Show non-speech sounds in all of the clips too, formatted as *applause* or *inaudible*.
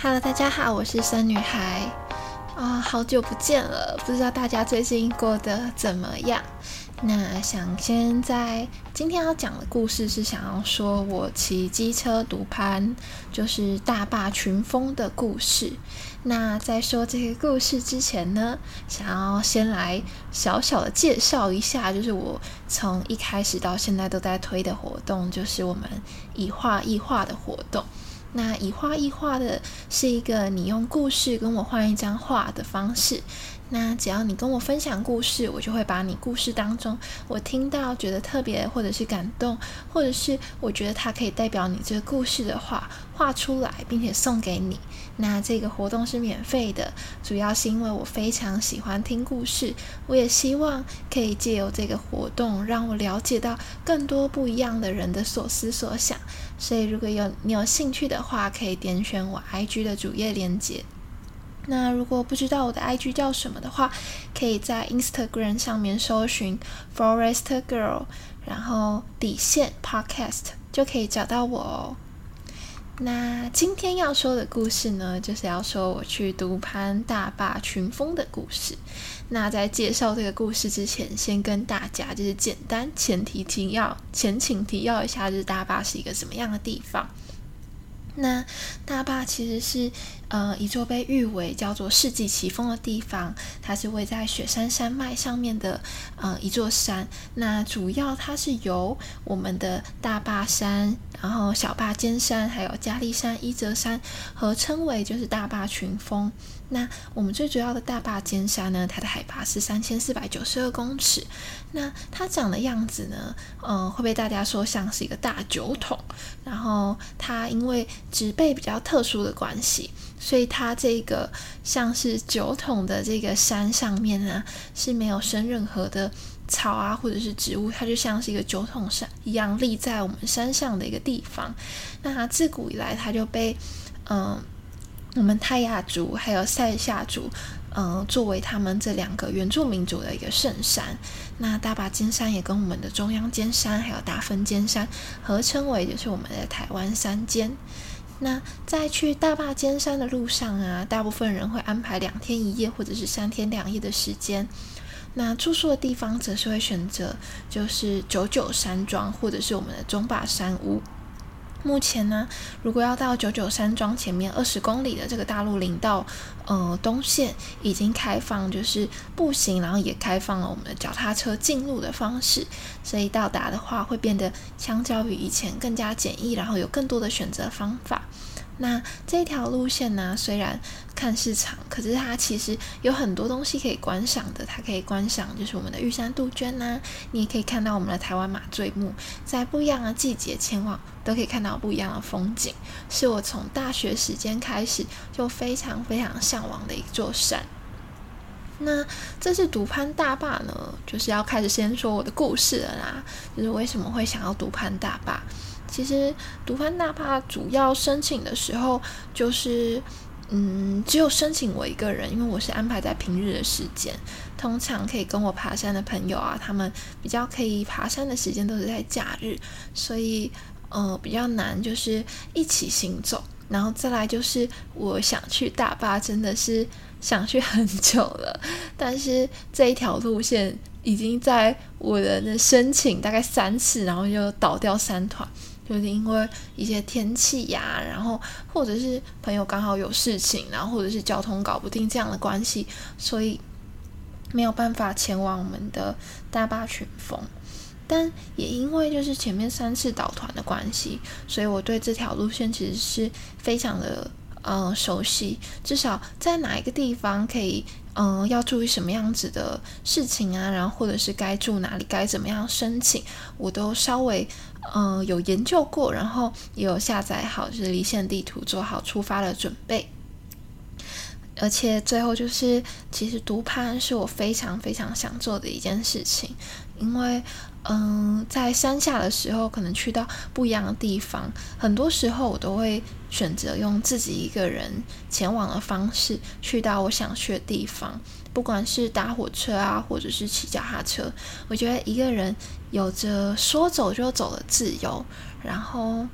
哈嘍，大家好，我是生女孩啊，呃，好久不見了，不知道大家最近過得怎麼樣？那想先在今天要講的故事是想要說我騎機車獨攀，就是大霸群峰的故事。那在說這些故事之前呢，想要先來小小的介紹一下，就是我從一開始到現在都在推的活動，就是我們以畫易畫的活動。那以畫易畫的是一個你用故事跟我換一張畫的方式。那只要你跟我分享故事，我就會把你故事當中我聽到覺得特別，或者是感動，或者是我覺得它可以代表你這個故事的話，畫出來，並且送給你。那這個活動是免費的，主要是因為我非常喜歡聽故事，我也希望可以借由這個活動讓我了解到更多不一樣的人的所思所想。所以如果有你有興趣的話，可以點選我 IG 的主頁鏈接。那如果不知道我的 IG 叫什麼的話，可以在 Instagram 上面搜尋 Forest Girl，然後底線 Podcast 就可以找到我哦。那今天要說的故事呢，就是要說我去獨攀大霸群峰的故事。那在介紹這個故事之前，先跟大家就是簡單前提提要，前情提要一下，就是大霸是一個什麼樣的地方。那大霸其實是，呃，一座被譽為叫做“世紀奇峰”的地方，它是位在雪山山脈上面的，呃，一座山。那主要它是由我們的大霸山、然後小霸尖山、還有加利山、伊澤山合稱為就是大霸群峰。那我們最主要的大霸尖山呢，它的海拔是三千四百九十二公尺。那它長的樣子呢？嗯，會被大家說像是一個大酒桶。然後它因為植被比較特殊的關係，所以它這個像是酒桶的這個山上面呢，是沒有生任何的草啊，或者是植物，它就像是一個酒桶山一樣立在我們山上的一個地方。那它自古以來，它就被嗯，我們泰雅族還有塞夏族，嗯，作為他們這兩個原住民族的一個聖山，那大霸尖山也跟我們的中央尖山還有大分尖山合稱為就是我們的台灣三尖。那在去大霸尖山的路上啊，大部分人會安排兩天一夜或者是三天兩夜的時間。那住宿的地方則是會選擇就是九九山莊或者是我們的中霸山屋。目前呢，如果要到九九山莊前面二十公里的這個大鹿林道，呃，東線已經開放，就是步行，然後也開放了我們的腳踏車進入的方式，所以到達的話會變得相較於以前更加簡易，然後有更多的選擇方法。那這條路線呢，雖然看市場，可是它其實有很多東西可以觀賞的。它可以觀賞，就是我們的玉山杜鵑呢、啊，你也可以看到我們的台灣馬醉木。在不一樣的季節前往，都可以看到不一樣的風景。是我從大學時間開始就非常非常嚮往的一座山。那這次獨攀大霸呢，就是要開始先說我的故事了啦。就是為什麼會想要獨攀大霸？其實獨攀大霸主要申請的時候，就是嗯，只有申請我一個人，因為我是安排在平日的時間，通常可以跟我爬山的朋友啊，他們比較可以爬山的時間都是在假日，所以呃比較難就是一起行走。然後再來就是我想去大霸真的是想去很久了，但是這一條路線已經在我的，我的申請大概三次，然後就倒掉三團。就是因為一些天氣呀、啊，然後或者是朋友剛好有事情，然後或者是交通搞不定這樣的關係，所以沒有辦法前往我們的大霸群峰。但也因為就是前面三次導團的關係，所以我對這條路線其實是非常的嗯、呃、熟悉。至少在哪一個地方可以嗯、呃、要注意什麼樣子的事情啊，然後或者是該住哪裡，該怎麼樣申請，我都稍微。嗯，有研究過，然後也有下載好，就是離線地圖，做好出發的準備。而且最後就是，其實獨攀是我非常非常想做的一件事情，因為嗯，在山下的時候，可能去到不一樣的地方，很多時候我都會選擇用自己一個人前往的方式去到我想去的地方，不管是搭火車啊，或者是騎腳踏車，我覺得一個人。有着說走就走的自由，然後，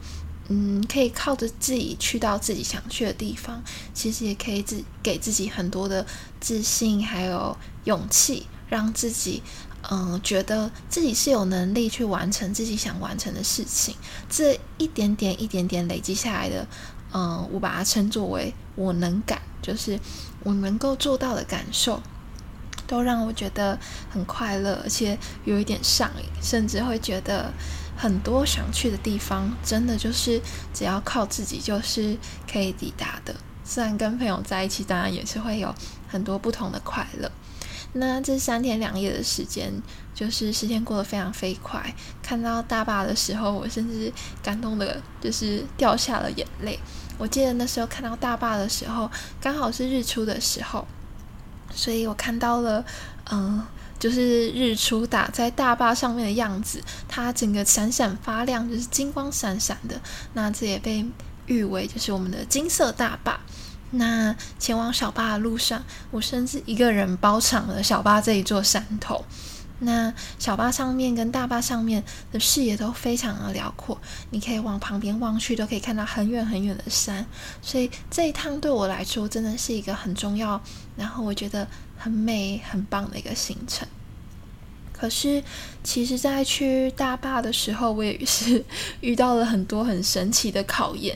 嗯，可以靠着自己去到自己想去的地方。其實也可以自給自己很多的自信，還有勇氣，讓自己，嗯、呃，覺得自己是有能力去完成自己想完成的事情。這一點點一點點累積下來的，嗯、呃，我把它稱作為我能感，就是我能夠做到的感受。都讓我覺得很快樂，而且有一點上癮，甚至會覺得很多想去的地方，真的就是只要靠自己就是可以抵達的。雖然跟朋友在一起，當然也是會有很多不同的快樂。那這三天兩夜的時間，就是時間過得非常飛快。看到大霸的時候，我甚至感動的，就是掉下了眼淚。我記得那時候看到大霸的時候，剛好是日出的時候。所以我看到了，嗯、呃，就是日出打在大霸上面的樣子，它整個閃閃發亮，就是金光閃閃的。那這也被譽為就是我們的金色大霸。那前往小霸的路上，我甚至一個人包場了小霸這一座山頭。那小霸上面跟大霸上面的視野都非常的遼闊，你可以往旁邊望去，都可以看到很遠很遠的山。所以這一趟對我來說真的是一個很重要，然後我覺得很美很棒的一個行程。可是其實，在去大霸的時候，我也是遇到了很多很神奇的考驗。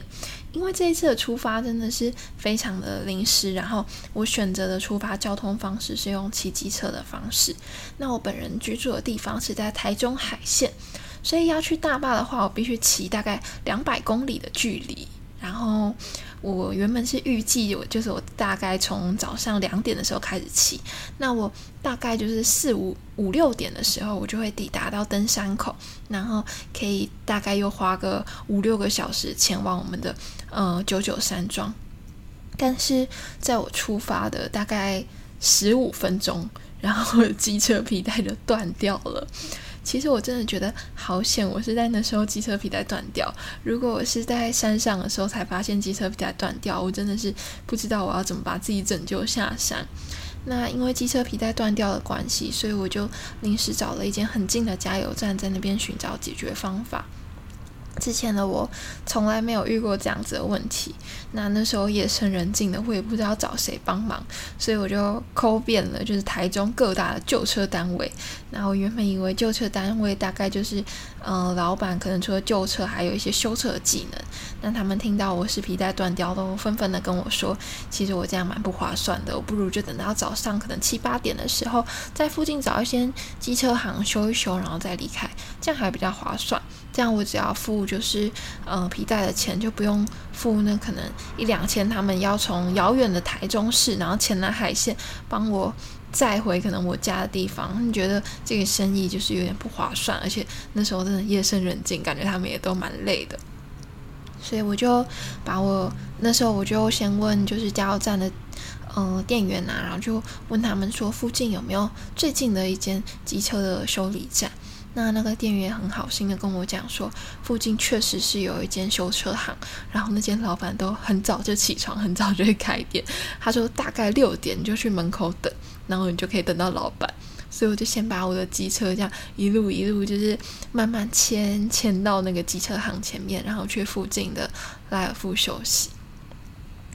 因為這一次的出發真的是非常的臨時，然後我選擇的出發交通方式是用騎機車的方式。那我本人居住的地方是在台中海線，所以要去大霸的話，我必須騎大概兩百公里的距離。然後我原本是預計，我就是我大概從早上兩點的時候開始騎，那我大概就是四五五六點的時候，我就會抵達到登山口，然後可以大概又花個五六個小時前往我們的呃九九山莊。但是在我出發的大概十五分鐘，然後機車皮帶就斷掉了。其實我真的覺得好險，我是在那時候機車皮帶斷掉。如果我是在山上的時候才發現機車皮帶斷掉，我真的是不知道我要怎麼把自己拯救下山。那因為機車皮帶斷掉的關係，所以我就臨時找了一間很近的加油站，在那邊尋找解決方法。之前的我從來沒有遇過這樣子的問題，那那時候夜深人靜的，我也不知道找誰幫忙，所以我就摳遍了，就是台中各大的救車單位。那我原本以為救車單位大概就是，嗯、呃，老闆可能除了救車，還有一些修車技能。那他們聽到我是皮帶斷掉，都紛紛的跟我說，其實我這樣蠻不划算的，我不如就等到早上，可能七八點的時候，在附近找一些機車行修一修，然後再離開，這樣還比較划算。這樣我只要付就是，呃，皮帶的錢就不用付呢，那可能一兩千，他們要從遙遠的台中市，然後前來海線幫我載回可能我家的地方，你覺得這個生意就是有點不划算，而且那時候真的夜深人靜，感覺他們也都蠻累的，所以我就把我那時候我就先問就是加油站的，呃，店員啊，然後就問他們說附近有沒有最近的一間機車的修理站。那那個店員很好心的跟我講說，附近確實是有一間修車行，然後那間老闆都很早就起床，很早就會開店。他說大概六點就去門口等，然後你就可以等到老闆。所以我就先把我的機車這樣一路一路就是慢慢牽牽到那個機車行前面，然後去附近的萊爾富休息。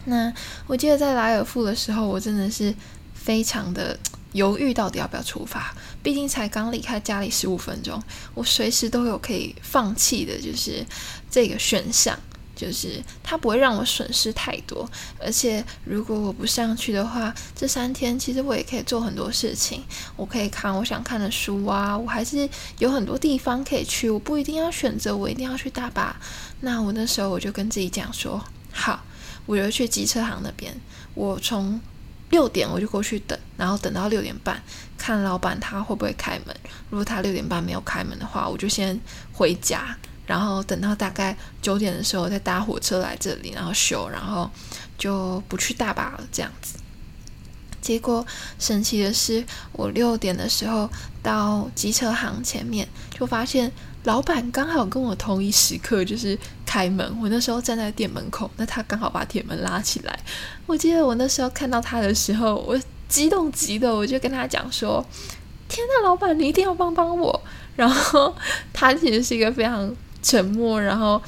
那我記得在萊爾富的時候，我真的是非常的。猶豫到底要不要出發，畢竟才剛離開家裡十五分鐘，我隨時都有可以放棄的，就是這個選項，就是它不會讓我損失太多，而且如果我不上去的話，這三天其實我也可以做很多事情，我可以看我想看的書啊，我還是有很多地方可以去，我不一定要選擇我一定要去大霸。那我那時候我就跟自己講說，好，我就去機車行那邊，我從。六點我就過去等，然後等到六點半，看老闆他會不會開門。如果他六點半沒有開門的話，我就先回家，然後等到大概九點的時候再搭火車來這裡，然後休，然後就不去大霸了，這樣子。結果神奇的是，我六點的時候到機車行前面，就發現老闆剛好跟我同一時刻，就是。開門，我那時候站在店門口，那他剛好把鐵門拉起來。我記得我那時候看到他的時候，我激動極了，我就跟他講說：“天吶，老闆，你一定要幫幫我！”然後他其實是一個非常沉默，然後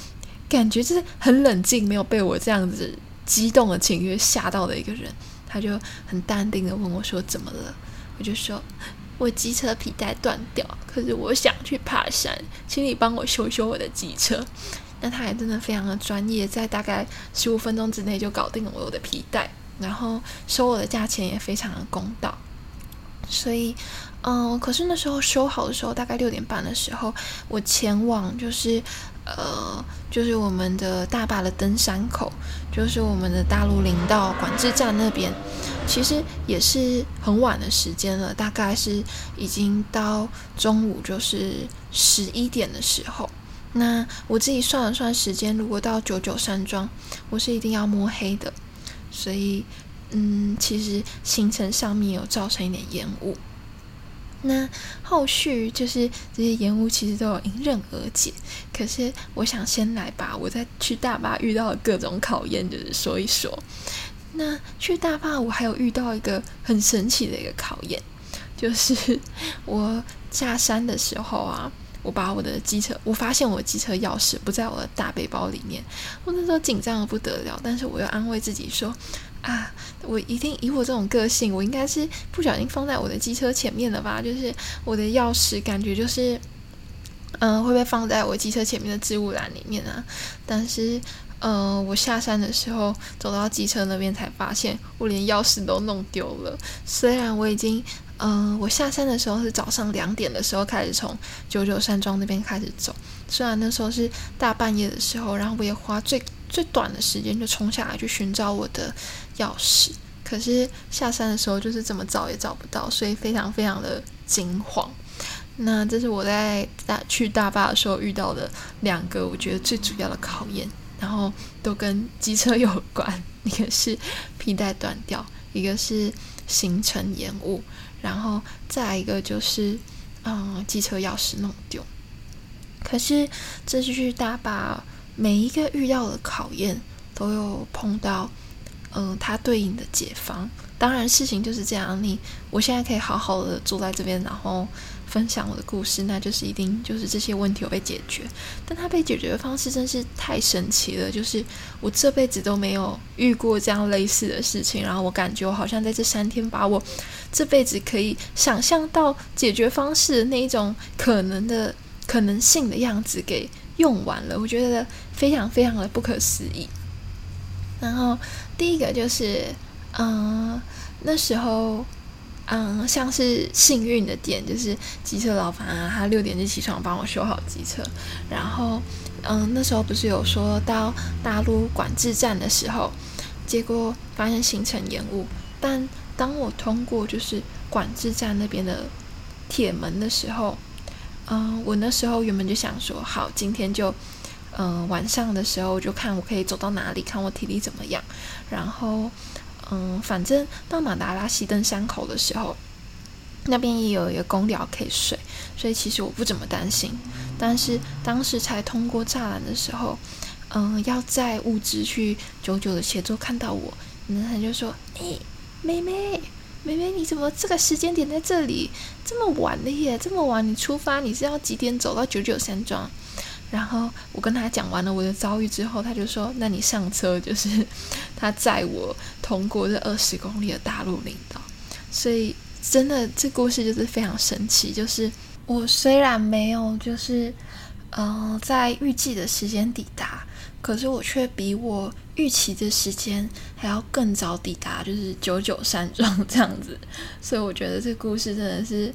感覺就是很冷靜，沒有被我這樣子激動的情緒嚇到的一個人。他就很淡定地問我說：“怎麼了？”我就說：“我機車皮帶斷掉，可是我想去爬山，請你幫我修修我的機車。”那他也真的非常的專業，在大概十五分鐘之內就搞定了我的皮帶，然後收我的價錢也非常的公道，所以，嗯，可是那時候修好的時候，大概六點半的時候，我前往就是，呃，就是我們的大霸的登山口，就是我們的大鹿林道管制站那邊，其實也是很晚的時間了，大概是已經到中午就是十一點的時候。那我自己算了算時間，如果到九九山莊，我是一定要摸黑的，所以，嗯，其實行程上面有造成一點延誤。那後續就是這些延誤其實都有迎刃而解，可是我想先來把，我在去大霸遇到了各種考驗，就是說一說。那去大霸，我還有遇到一個很神奇的一個考驗，就是我下山的時候啊。我把我的機車，我發現我的機車鑰匙不在我的大背包裡面，我那時候緊張得不得了，但是我又安慰自己說，啊，我一定以我這種個性，我應該是不小心放在我的機車前面了吧？就是我的鑰匙，感覺就是，嗯、呃，會被放在我機車前面的置物籃裡面啊。但是，嗯、呃，我下山的時候走到機車那邊才發現，我連鑰匙都弄丟了。雖然我已經。嗯、呃，我下山的時候是早上兩點的時候開始從九九山莊那邊開始走，雖然那時候是大半夜的時候，然後我也花最最短的時間就衝下來去尋找我的鑰匙，可是下山的時候就是怎麼找也找不到，所以非常非常的驚慌。那這是我在大去大霸的時候遇到的兩個我覺得最主要的考驗，然後都跟機車有關，一個是皮帶斷掉，一個是行程延誤。然後再一個就是，嗯，機車鑰匙弄丟。可是這就是大家把每一個遇到的考驗，都有碰到，嗯，它對應的解方。當然事情就是這樣，你我現在可以好好的坐在這邊，然後。分享我的故事，那就是一定就是這些問題有被解決，但他被解決的方式真是太神奇了，就是我這輩子都沒有遇過這樣類似的事情，然後我感覺我好像在這三天把我這輩子可以想象到解決方式的那一種可能的可能性的樣子給用完了，我覺得非常非常的不可思議。然後第一個就是，嗯、呃，那時候。嗯，像是幸運的點就是機車老板啊，他六點就起床幫我修好機車。然後，嗯，那時候不是有說到大陸管制站的時候，結果發現行程延誤。但當我通過就是管制站那邊的鐵門的時候，嗯，我那時候原本就想說，好，今天就，嗯，晚上的時候我就看我可以走到哪裡，看我體力怎麼樣，然後。嗯，反正到馬達拉溪登山口的時候，那邊也有一個工寮可以睡，所以其實我不怎麼擔心。但是當時才通過柵欄的時候，嗯，要在物資去九九的協作看到我，然後他就說：“哎、欸，妹妹，妹妹，你怎麼這個時間點在這裡？這麼晚了耶，這麼晚你出發，你是要幾點走到九九山莊？”然後我跟他講完了我的遭遇之後，他就說：“那你上車，就是他載我通過這二十公里的大鹿林道。”所以真的，這故事就是非常神奇。就是我雖然沒有就是嗯、呃、在預計的時間抵達，可是我卻比我預期的時間還要更早抵達，就是九九山莊這樣子。所以我覺得這故事真的是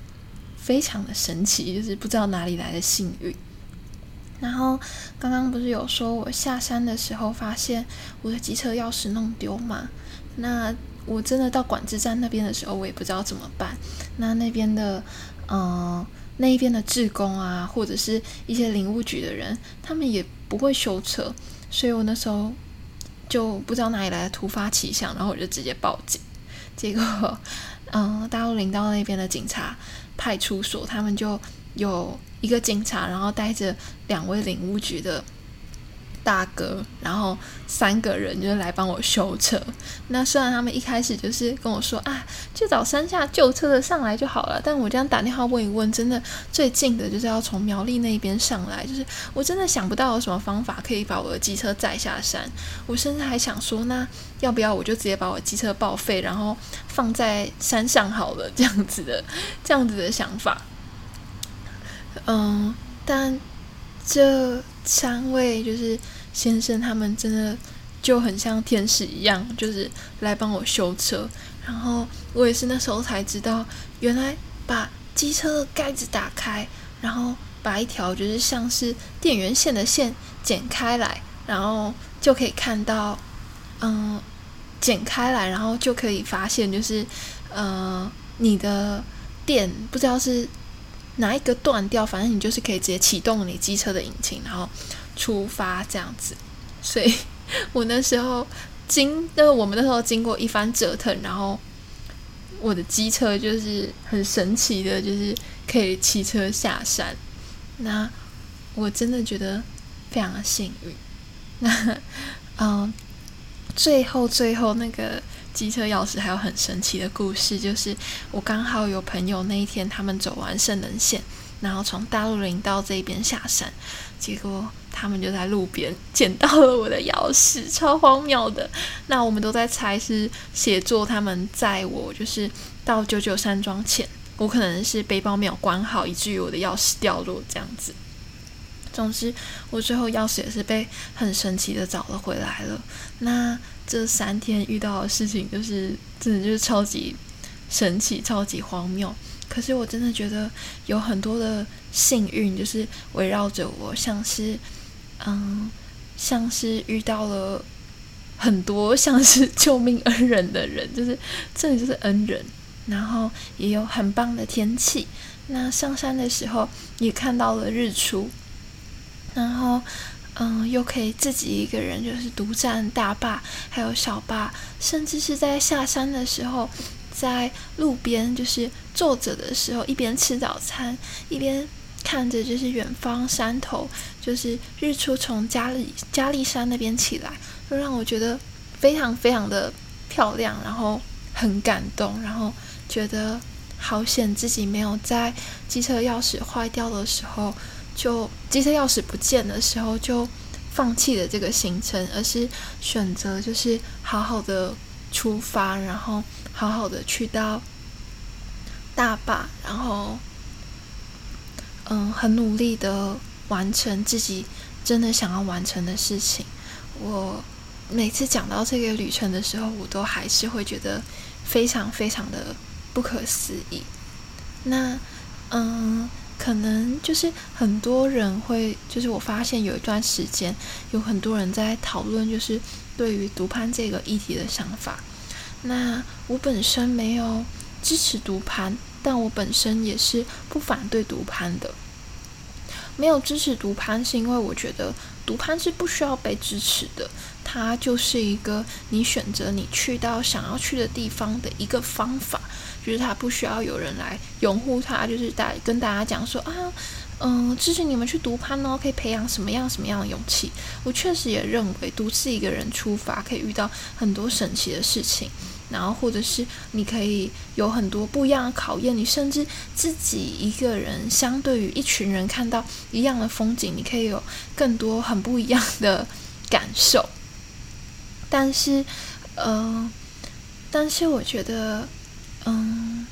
非常的神奇，就是不知道哪裡來的幸運。然後剛剛不是有說我下山的時候發現我的機車鑰匙弄丟嘛？那我真的到管制站那邊的時候，我也不知道怎麼辦。那那邊的，嗯、呃，那一邊的志工啊，或者是一些林務局的人，他們也不會修車，所以我那時候就不知道哪裡來的突發奇想，然後我就直接報警。結果，嗯、呃，大陸領到那邊的警察派出所，他們就。有一個警察，然後帶着兩位林務局的大哥，然後三個人就是來幫我修車。那雖然他們一開始就是跟我說啊，就找山下救車的上來就好了，但我這樣打電話問一問，真的最近的就是要從苗栗那邊上來，就是我真的想不到有什麼方法可以把我的機車載下山。我甚至還想說，那要不要我就直接把我的機車報廢，然後放在山上好了，這樣子的，這樣子的想法。嗯，但這三位就是先生，他們真的就很像天使一樣，就是來幫我修車。然後我也是那時候才知道，原來把機車的蓋子打開，然後把一條就是像是電源線的線剪開來，然後就可以看到，嗯，剪開來，然後就可以發現，就是呃，你的電不知道是。哪一個斷掉，反正你就是可以直接啟動你機車的引擎，然後出發這樣子。所以我那時候經，那我們那時候經過一番折騰，然後我的機車就是很神奇的，就是可以騎車下山。那我真的覺得非常的幸運。那嗯、呃，最後最後那個機車鑰匙還有很神奇的故事，就是我剛好有朋友那一天，他們走完聖稜線，然後從大鹿林道這邊下山，結果他們就在路邊撿到了我的鑰匙，超荒謬的。那我們都在猜是寫作他們載我就是到九九山莊前，我可能是背包沒有關好，以至於我的鑰匙掉落這樣子。總之，我最後鑰匙也是被很神奇的找了回來了。那。這三天遇到的事情，就是真的就是超級神奇、超級荒謬。可是我真的覺得有很多的幸運，就是圍繞着我，像是嗯，像是遇到了很多像是救命恩人的人，就是這裡就是恩人。然後也有很棒的天氣。那上山的時候也看到了日出，然後。嗯，又可以自己一個人，就是獨佔大霸，還有小霸，甚至是在下山的時候，在路邊就是坐着的時候，一邊吃早餐，一邊看着就是遠方山頭，就是日出從加利加利山那邊起來，就讓我覺得非常非常的漂亮，然後很感動，然後覺得好險自己沒有在機車鑰匙壞掉的時候。就機車鑰匙不見的時候，就放棄了這個行程，而是選擇就是好好的出發，然後好好的去到大霸，然後嗯，很努力的完成自己真的想要完成的事情。我每次講到這個旅程的時候，我都還是會覺得非常非常的不可思議。那嗯。可能就是很多人會，就是我發現有一段時間，有很多人在討論，就是對於獨攀這個議題的想法。那我本身沒有支持獨攀，但我本身也是不反對獨攀的。沒有支持獨攀，是因為我覺得獨攀是不需要被支持的，它就是一個你選擇你去到想要去的地方的一個方法。就是他不需要有人來擁護他，就是大跟大家講說啊，嗯、呃，支持你們去獨攀哦，可以培養什麼樣什麼樣的勇氣。我確實也認為獨自一個人出發可以遇到很多神奇的事情，然後或者是你可以有很多不一樣的考驗。你甚至自己一個人相對於一群人看到一樣的風景，你可以有更多很不一樣的感受。但是，嗯、呃，但是我覺得。嗯，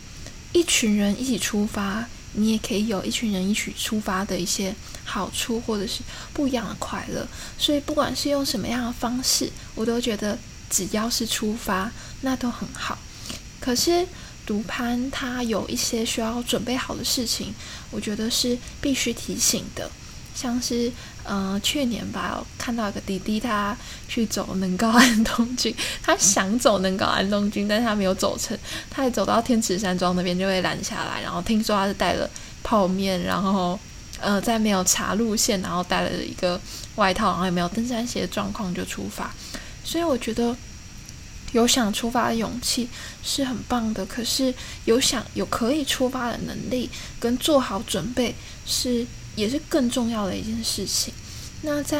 一群人一起出發，你也可以有一群人一起出發的一些好處，或者是不一樣的快樂。所以，不管是用什麼樣的方式，我都覺得只要是出發，那都很好。可是，獨攀他有一些需要準備好的事情，我覺得是必須提醒的。像是呃去年吧，我看到一個弟弟，他去走能高安東軍。他想走能高安東軍，但是他沒有走成，他走到天池山莊那邊就會攔下來，然後聽說他是帶了泡麵，然後呃在沒有查路線，然後帶了一個外套，然後也沒有登山鞋的狀況就出發。所以我覺得有想出發的勇氣是很棒的，可是有想有可以出發的能力跟做好準備是，也是更重要的一件事情。那在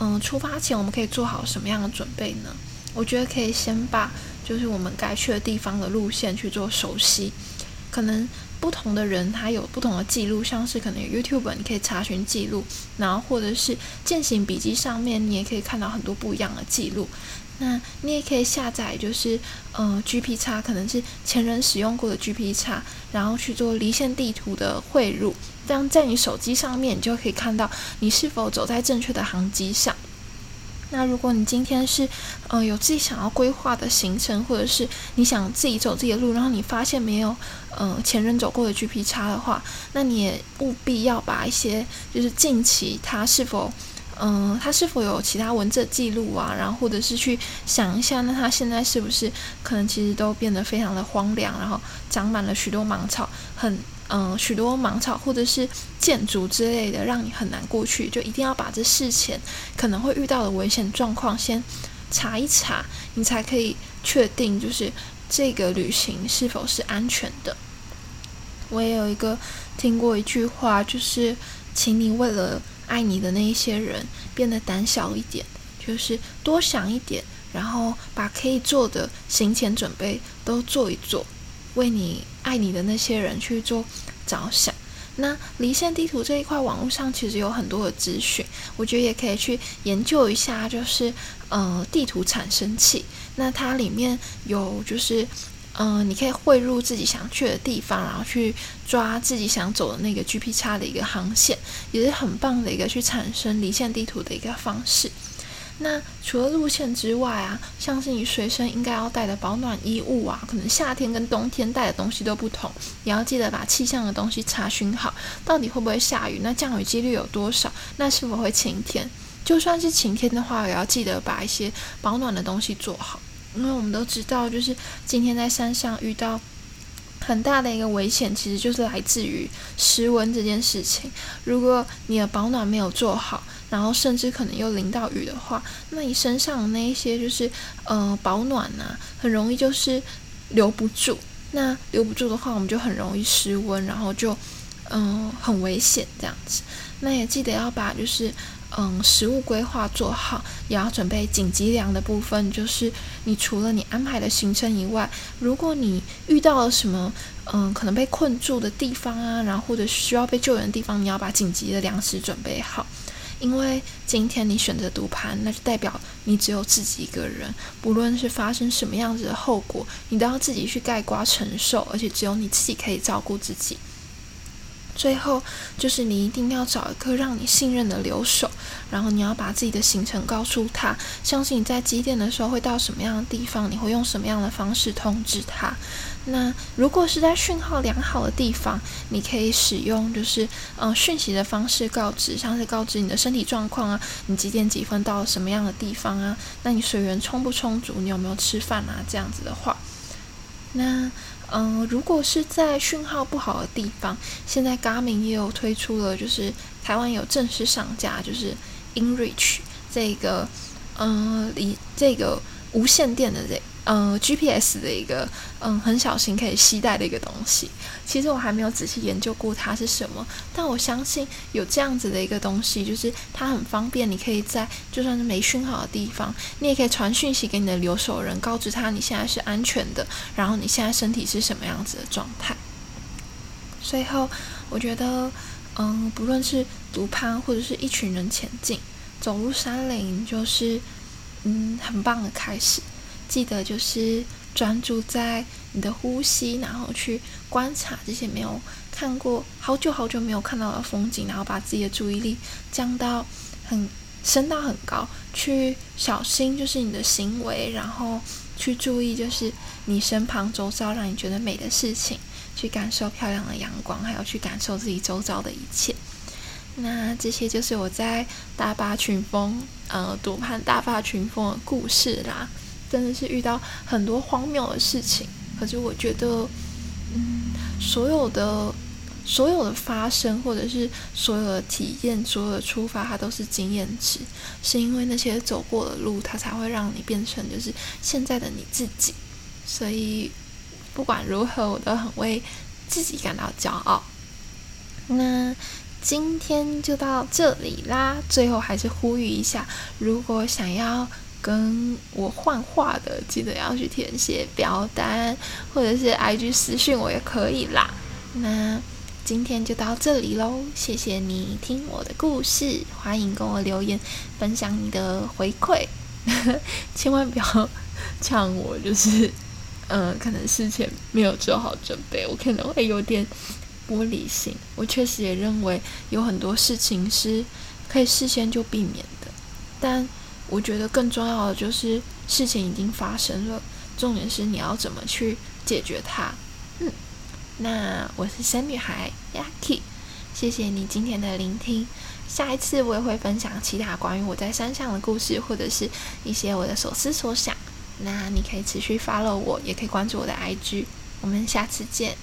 嗯、呃、出發前，我們可以做好什麼樣的準備呢？我覺得可以先把就是我們該去的地方的路線去做熟悉，可能。不同的人他有不同的記錄，像是可能有 YouTube，你可以查詢記錄，然後或者是健行筆記上面你也可以看到很多不一樣的記錄。那你也可以下載就是呃 GPX，可能是前人使用過的 GPX，然後去做離線地圖的匯入，這樣在你手機上面你就可以看到你是否走在正確的航跡上。那如果你今天是，呃，有自己想要規劃的行程，或者是你想自己走自己的路，然後你發現沒有，呃，前人走過的 GPX 的話，那你也務必要把一些，就是近期他是否，嗯、呃，他是否有其他文字記錄啊，然後或者是去想一下，那他現在是不是可能其實都變得非常的荒涼，然後長滿了許多芒草，很。嗯，許多芒草或者是建築之類的，讓你很難過去，就一定要把這事前可能會遇到的危險狀況先查一查，你才可以確定就是這個旅行是否是安全的。我也有一個聽過一句話，就是請你為了愛你的那一些人變得膽小一點，就是多想一點，然後把可以做的行前準備都做一做，為你愛你的那些人去做着想。那離線地圖這一塊，網絡上其實有很多的資訊，我覺得也可以去研究一下。就是，呃，地圖產生器，那它裡面有就是，嗯、呃，你可以匯入自己想去的地方，然後去抓自己想走的那個 GPX 的一個航線，也是很棒的一個去產生離線地圖的一個方式。那除了路線之外啊，像是你隨身應該要帶的保暖衣物啊，可能夏天跟冬天帶的東西都不同，也要記得把氣象的東西查詢好，到底會不會下雨，那降雨幾率有多少，那是否會晴天？就算是晴天的話，也要記得把一些保暖的東西做好，因為我們都知道，就是今天在山上遇到很大的一個危險，其實就是來自於失溫這件事情。如果你的保暖沒有做好，然後甚至可能又淋到雨的話，那你身上的那一些就是，呃，保暖啊，很容易就是留不住。那留不住的話，我們就很容易失溫，然後就，嗯、呃，很危險這樣子。那也記得要把就是，嗯、呃，食物規劃做好，也要準備緊急糧的部分。就是你除了你安排的行程以外，如果你遇到了什麼，嗯、呃，可能被困住的地方啊，然後或者需要被救援的地方，你要把緊急的糧食準備好。因為今天你選擇獨攀，那就代表你只有自己一個人，不論是發生什麼樣子的後果，你都要自己去概括承受，而且只有你自己可以照顧自己。最後就是，你一定要找一個讓你信任的留守，然後你要把自己的行程告訴他，相信你在幾點的時候會到什麼樣的地方，你會用什麼樣的方式通知他。那如果是在訊號良好的地方，你可以使用就是嗯、呃、訊息的方式告知，像是告知你的身體狀況啊，你幾點幾分到什麼樣的地方啊，那你水源充不充足，你有沒有吃飯啊，這樣子的話，那。嗯，如果是在訊號不好的地方，現在 Garmin 也有推出了，就是台灣有正式上架，就是 inReach 這個，嗯，以這個無線電的這個。嗯、呃、GPS 的一個嗯、呃、很小型可以攜帶的一個東西，其實我還沒有仔細研究過它是什麼，但我相信有這樣子的一個東西，就是它很方便，你可以在就算是沒訊號的地方，你也可以傳訊息給你的留守人，告知他你現在是安全的，然後你現在身體是什麼樣子的狀態。最後，我覺得嗯，不論是獨攀或者是一群人前進走入山林，就是嗯很棒的開始。記得就是專注在你的呼吸，然後去觀察這些沒有看過、好久好久沒有看到的風景，然後把自己的注意力降到很升到很高，去小心就是你的行為，然後去注意就是你身旁周遭讓你覺得美的事情，去感受漂亮的陽光，還有去感受自己周遭的一切。那這些就是我在大霸群峰呃獨攀大霸群峰的故事啦。真的是遇到很多荒謬的事情，可是我覺得，嗯，所有的所有的發生，或者是所有的體驗，所有的出發，它都是經驗值，是因為那些走過的路，它才會讓你變成就是現在的你自己。所以不管如何，我都很為自己感到驕傲。那今天就到這裡啦，最後還是呼籲一下，如果想要，跟我換畫的，記得要去填寫表單，或者是 I G 私訊，我也可以啦。那今天就到這裡嘍，謝謝你聽我的故事，歡迎跟我留言分享你的回饋。 *laughs* 千萬不要嗆我，就是、呃、可能事前沒有做好準備，我可能會有點玻璃心。我確實也認為有很多事情是可以事先就避免的，但。我覺得更重要的就是事情已經發生了，重點是你要怎麼去解決它。嗯，那我是山女孩 Yaki，謝謝你今天的聆聽。下一次我也會分享其他關於我在山上的故事或者是一些我的所思所想。那你可以持續 follow 我，也可以關注我的 IG。我們下次見。